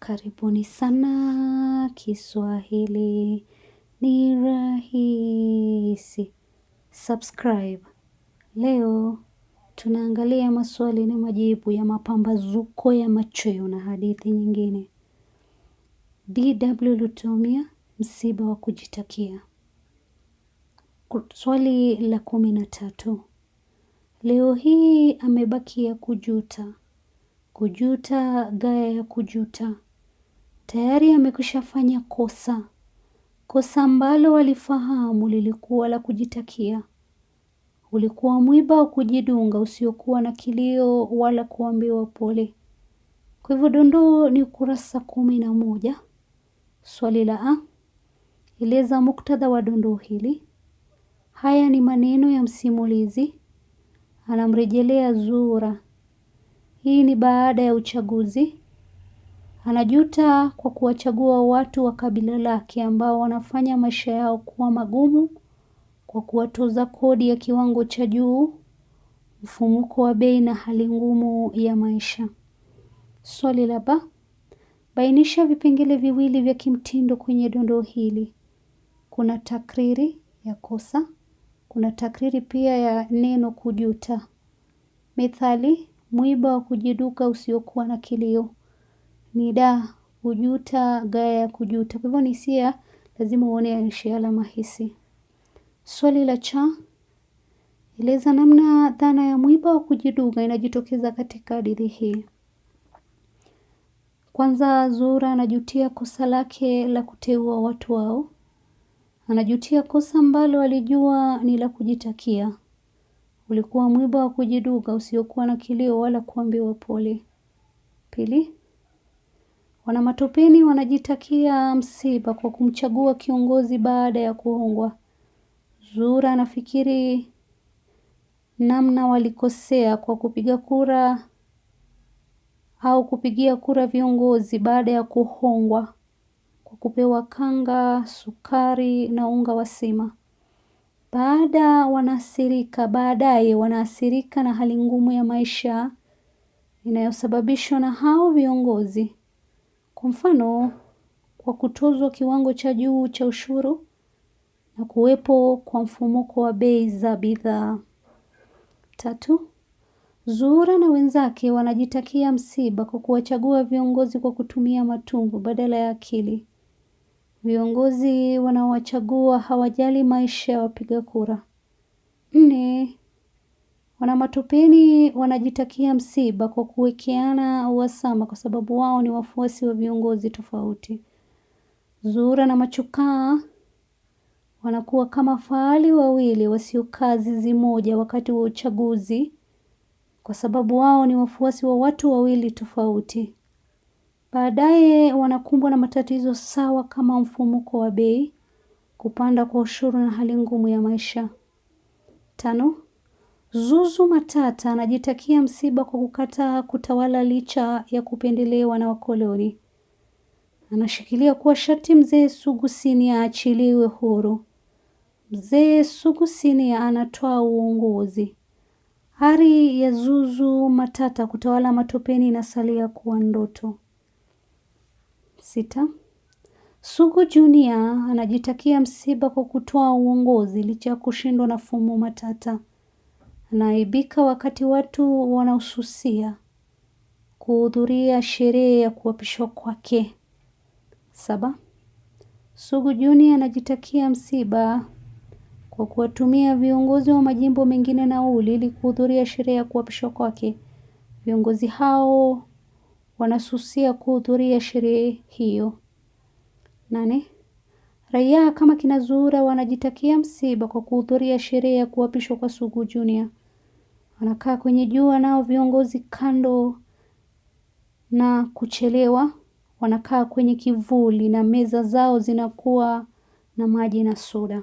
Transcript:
Karibuni sana kiswahili ni rahisi. Subscribe. Leo tunaangalia maswali na majibu ya mapambazuko ya machweo na hadithi nyingine. DW Lutomia, msiba wa kujitakia. Swali la kumi na tatu. Leo hii amebakia kujuta. Kujuta gaya ya kujuta tayari amekwishafanya kosa, kosa ambalo walifahamu lilikuwa la kujitakia. Ulikuwa mwiba wa kujidunga usiokuwa na kilio wala kuambiwa pole. Kwa hivyo dondoo ni ukurasa kumi na moja. Swali la a, eleza muktadha wa dondoo hili. Haya ni maneno ya msimulizi, anamrejelea zura Hii ni baada ya uchaguzi. Anajuta kwa kuwachagua watu wa kabila lake ambao wanafanya maisha yao kuwa magumu kwa kuwatoza kodi ya kiwango cha juu, mfumuko wa bei na hali ngumu ya maisha. Swali la ba, bainisha vipengele viwili vya kimtindo kwenye dondoo hili. Kuna takriri ya kosa, kuna takriri pia ya neno kujuta. Methali, mwiba wa kujiduka usiokuwa na kilio ni da kujuta, gaya ya kujuta. Kwa hivyo ni sia lazima uone ishi alama hisi. Swali la cha eleza namna dhana ya mwiba wa kujiduga inajitokeza katika hadithi hii. Kwanza, Zura anajutia kosa lake la kuteua watu wao. Anajutia kosa ambalo alijua ni la kujitakia. Ulikuwa mwiba wa kujiduga usiokuwa na kilio wala kuambiwa pole. Pili, Wanamatopeni wanajitakia msiba kwa kumchagua kiongozi baada ya kuongwa zura anafikiri namna walikosea kwa kupiga kura au kupigia kura viongozi baada ya kuhongwa kwa kupewa kanga, sukari na unga wa sima. Baada wanaasirika baadaye wanaasirika na hali ngumu ya maisha inayosababishwa na hao viongozi. Kwa mfano, kwa kutozwa kiwango cha juu cha ushuru na kuwepo kwa mfumuko wa bei za bidhaa. Tatu, Zuhura na wenzake wanajitakia msiba kwa kuwachagua viongozi kwa kutumia matumbo badala ya akili. Viongozi wanaowachagua hawajali maisha ya wapiga kura. Nne, Wanamatopeni wanajitakia msiba kwa kuwekeana uhasama kwa sababu wao ni wafuasi wa viongozi tofauti. zura na Machukaa wanakuwa kama faali wawili wasiokaa zizi moja wakati wa uchaguzi kwa sababu wao ni wafuasi wa watu wawili tofauti. Baadaye wanakumbwa na matatizo sawa kama mfumuko wa bei, kupanda kwa ushuru na hali ngumu ya maisha. Tano, Zuzu Matata anajitakia msiba kwa kukataa kutawala licha ya kupendelewa na wakoloni. Anashikilia kuwa sharti mzee Sugusini aachiliwe huru. Mzee Sugusini anatoa uongozi. Hari ya Zuzu Matata kutawala matopeni inasalia kuwa ndoto. Sita. Sugu Junior anajitakia msiba kwa kutoa uongozi licha ya kushindwa na Fumo Matata naibika wakati watu wanahususia kuhudhuria sherehe ya kuapishwa kwake. Saba, Sugu Juni anajitakia msiba kwa kuwatumia viongozi wa majimbo mengine nauli ili kuhudhuria sherehe ya kuapishwa kwake. Viongozi hao wanasusia kuhudhuria sherehe hiyo. Nane, raia kama kina Zuhura wanajitakia msiba kwa kuhudhuria sherehe ya kuapishwa kwa Sugu Junior wanakaa kwenye jua, nao viongozi kando na kuchelewa wanakaa kwenye kivuli na meza zao zinakuwa na maji na soda.